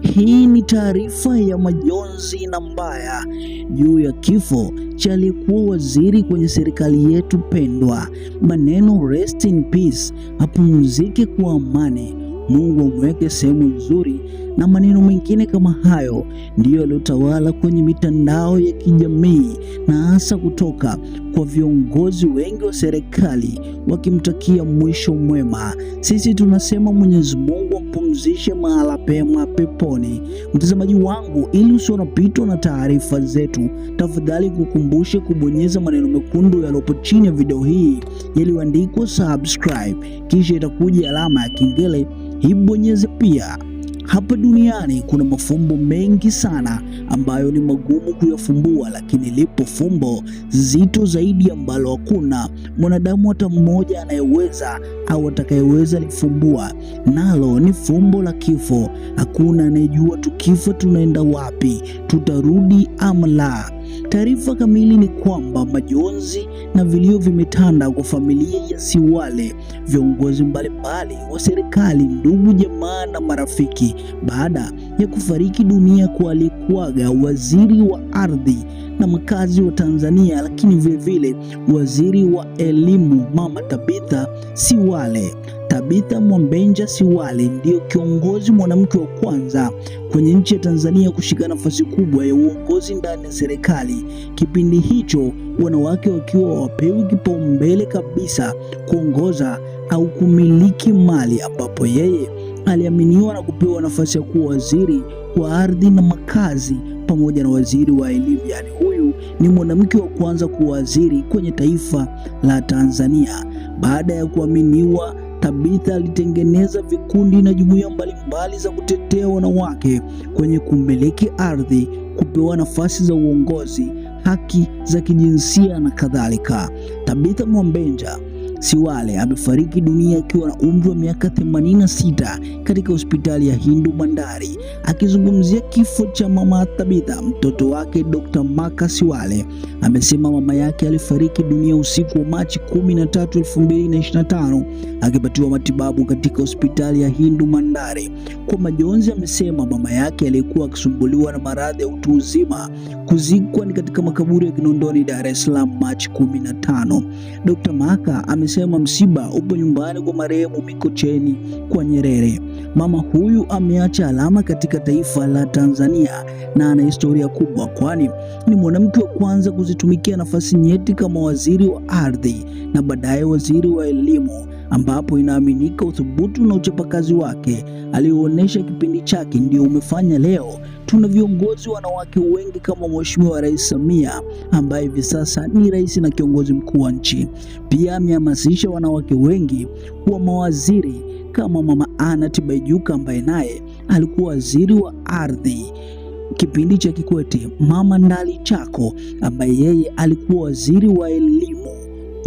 Hii ni taarifa ya majonzi na mbaya juu ya kifo cha aliyekuwa waziri kwenye serikali yetu pendwa. Maneno rest in peace, apumzike kwa amani. Mungu amweke sehemu nzuri, na maneno mengine kama hayo ndiyo yaliyotawala kwenye mitandao ya kijamii na hasa kutoka kwa viongozi wengi wa serikali wakimtakia mwisho mwema. Sisi tunasema Mwenyezi Mungu ampumzishe mahala pema peponi. Mtazamaji wangu, ili usionapitwa na taarifa zetu, tafadhali kukumbushe kubonyeza maneno mekundu yaliyopo chini ya video hii yaliyoandikwa subscribe, kisha itakuja alama ya kengele Ibonyeze pia. Hapa duniani kuna mafumbo mengi sana ambayo ni magumu kuyafumbua, lakini lipo fumbo zito zaidi ambalo hakuna mwanadamu hata mmoja anayeweza au atakayeweza lifumbua, nalo ni fumbo la kifo. Hakuna anayejua tukifa tunaenda wapi, tutarudi ama la. Taarifa kamili ni kwamba majonzi na vilio vimetanda kwa familia ya Siwale, viongozi mbalimbali wa serikali, ndugu, jamaa na marafiki baada ya kufariki dunia kwa aliyekuwaga waziri wa ardhi na mkazi wa Tanzania, lakini vilevile waziri wa elimu Mama Tabitha Siwale. Tabitha Mwambenja Siwale ndiyo kiongozi mwanamke wa kwanza kwenye nchi ya Tanzania kushika nafasi kubwa ya uongozi ndani ya serikali. Kipindi hicho wanawake wakiwa wapewi kipaumbele kabisa kuongoza au kumiliki mali, ambapo yeye aliaminiwa na kupewa nafasi ya kuwa waziri wa ardhi na makazi pamoja na waziri wa elimu. Yaani huyu ni mwanamke wa kwanza kuwa waziri kwenye taifa la Tanzania. Baada ya kuaminiwa, Tabitha alitengeneza vikundi na jumuiya mbalimbali za kutetea wanawake kwenye kumiliki ardhi, kupewa nafasi za uongozi, haki za kijinsia na kadhalika. Tabitha Mwambenja Siwale amefariki dunia akiwa na umri wa miaka 86 katika hospitali ya Hindu Bandari. Akizungumzia kifo cha mama Tabitha, mtoto wake Dr. Maka Siwale amesema mama yake alifariki dunia usiku wa Machi 13, 2025 akipatiwa matibabu katika hospitali ya Hindu Bandari. Kwa majonzi, amesema mama yake aliyekuwa akisumbuliwa na maradhi ya utu uzima kuzikwa ni katika makaburi ya Kinondoni, Dar es Salaam Machi 15. Dr. Maka amesema anasema msiba upo nyumbani kwa marehemu Mikocheni kwa Nyerere. Mama huyu ameacha alama katika taifa la Tanzania na ana historia kubwa, kwani ni mwanamke wa kwanza kuzitumikia nafasi nyeti kama waziri wa ardhi na baadaye waziri wa elimu ambapo inaaminika uthubutu na uchapakazi wake aliyoonyesha kipindi chake ndio umefanya leo tuna viongozi wanawake wengi kama Mheshimiwa Rais Samia ambaye hivi sasa ni rais na kiongozi mkuu wa nchi. Pia amehamasisha wanawake wengi kuwa mawaziri kama Mama Anna Tibaijuka ambaye naye alikuwa waziri wa ardhi kipindi cha Kikwete, Mama Ndali Chako ambaye yeye alikuwa waziri wa elimu,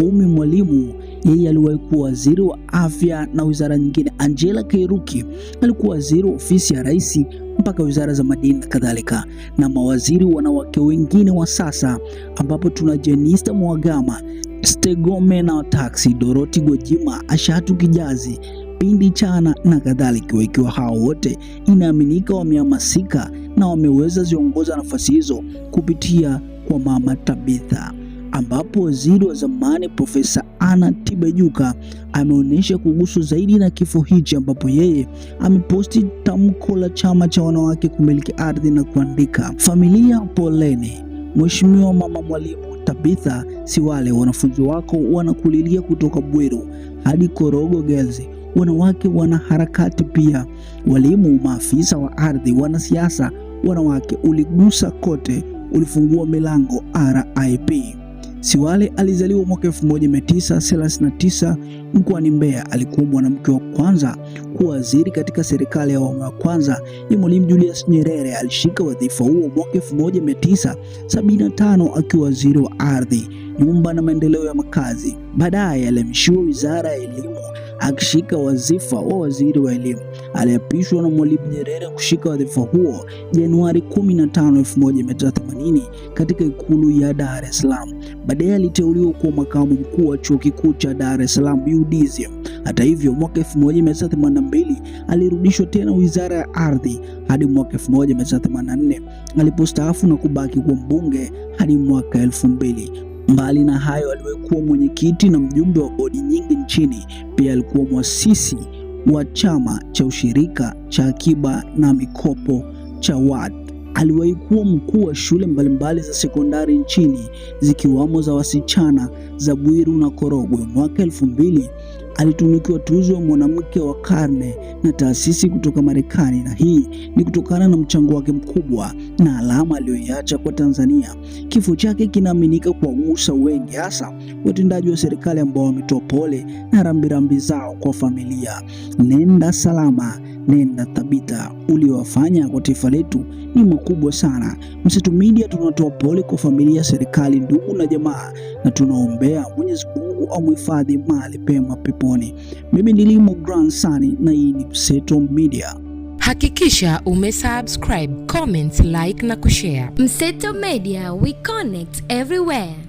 Umi Mwalimu yeye aliwahi kuwa waziri wa afya na wizara nyingine. Angela Kairuki alikuwa waziri wa ofisi ya rais mpaka wizara za madini na kadhalika, na mawaziri wanawake wengine wa sasa, ambapo tuna Jenista Mwagama, Stegomena Taxi, doroti gojima Ashatu Kijazi, Pindi Chana na kadhalika. Ikiwa hao wote inaaminika wamehamasika na wameweza ziongoza nafasi hizo kupitia kwa Mama Tabitha ambapo waziri wa zamani Profesa Anna Tibaijuka ameonyesha kuguswa zaidi na kifo hichi, ambapo yeye ameposti tamko la chama cha wanawake kumiliki ardhi na kuandika, familia poleni, Mheshimiwa Mama Mwalimu Tabitha Siwale, wanafunzi wako wanakulilia kutoka Bweru hadi Korogo Girls wanawake wanaharakati, pia walimu, maafisa wa ardhi, wanasiasa, wanawake, uligusa kote, ulifungua milango RIP. Siwale alizaliwa mwaka 1939 mkoani Mbeya. Alikuwa mwanamke wa kwanza kuwa waziri katika serikali ya awamu ya kwanza ya Mwalimu Julius Nyerere. Alishika wadhifa huo mwaka 1975 akiwa waziri wa ardhi, nyumba na maendeleo ya makazi. Baadaye alihamishiwa Wizara ya Elimu akishika wadhifa wa waziri wa elimu. Aliapishwa na Mwalimu Nyerere kushika wadhifa huo Januari 15, 1980 katika ikulu ya Dar es Salaam. Baadaye aliteuliwa kuwa makamu mkuu wa chuo kikuu cha Dar es Salaam UDSM. Hata hivyo, mwaka 1982 alirudishwa tena wizara ya ardhi hadi mwaka 1984 alipostaafu na kubaki kuwa mbunge hadi mwaka 2000. Mbali na hayo, aliwahi mwenyekiti na mjumbe wa bodi nyingi nchini. Pia alikuwa mwasisi wa chama cha ushirika cha akiba na mikopo cha WAT. Aliwahi kuwa mkuu wa shule mbalimbali za sekondari nchini zikiwamo za wasichana za Bwiru na Korogwe. Mwaka elfu mbili alitunukiwa tuzo ya mwanamke wa karne na taasisi kutoka Marekani, na hii ni kutokana na mchango wake mkubwa na alama aliyoiacha kwa Tanzania. Kifo chake kinaaminika kuwagusa wengi, hasa watendaji wa serikali ambao wametoa pole na rambirambi zao kwa familia. Nenda salama, nenda thabita. Uliowafanya kwa taifa letu ni makubwa sana. Mseto Media tunatoa pole kwa familia, serikali, ndugu na jamaa, na tunaombea Mwenyezi Mungu Mungu amhifadhi mahali pema peponi. Mimi ni Limo Grand Sani na hii ni Mseto Media. Hakikisha umesubscribe, comment, like na kushare. Mseto Media, we connect everywhere.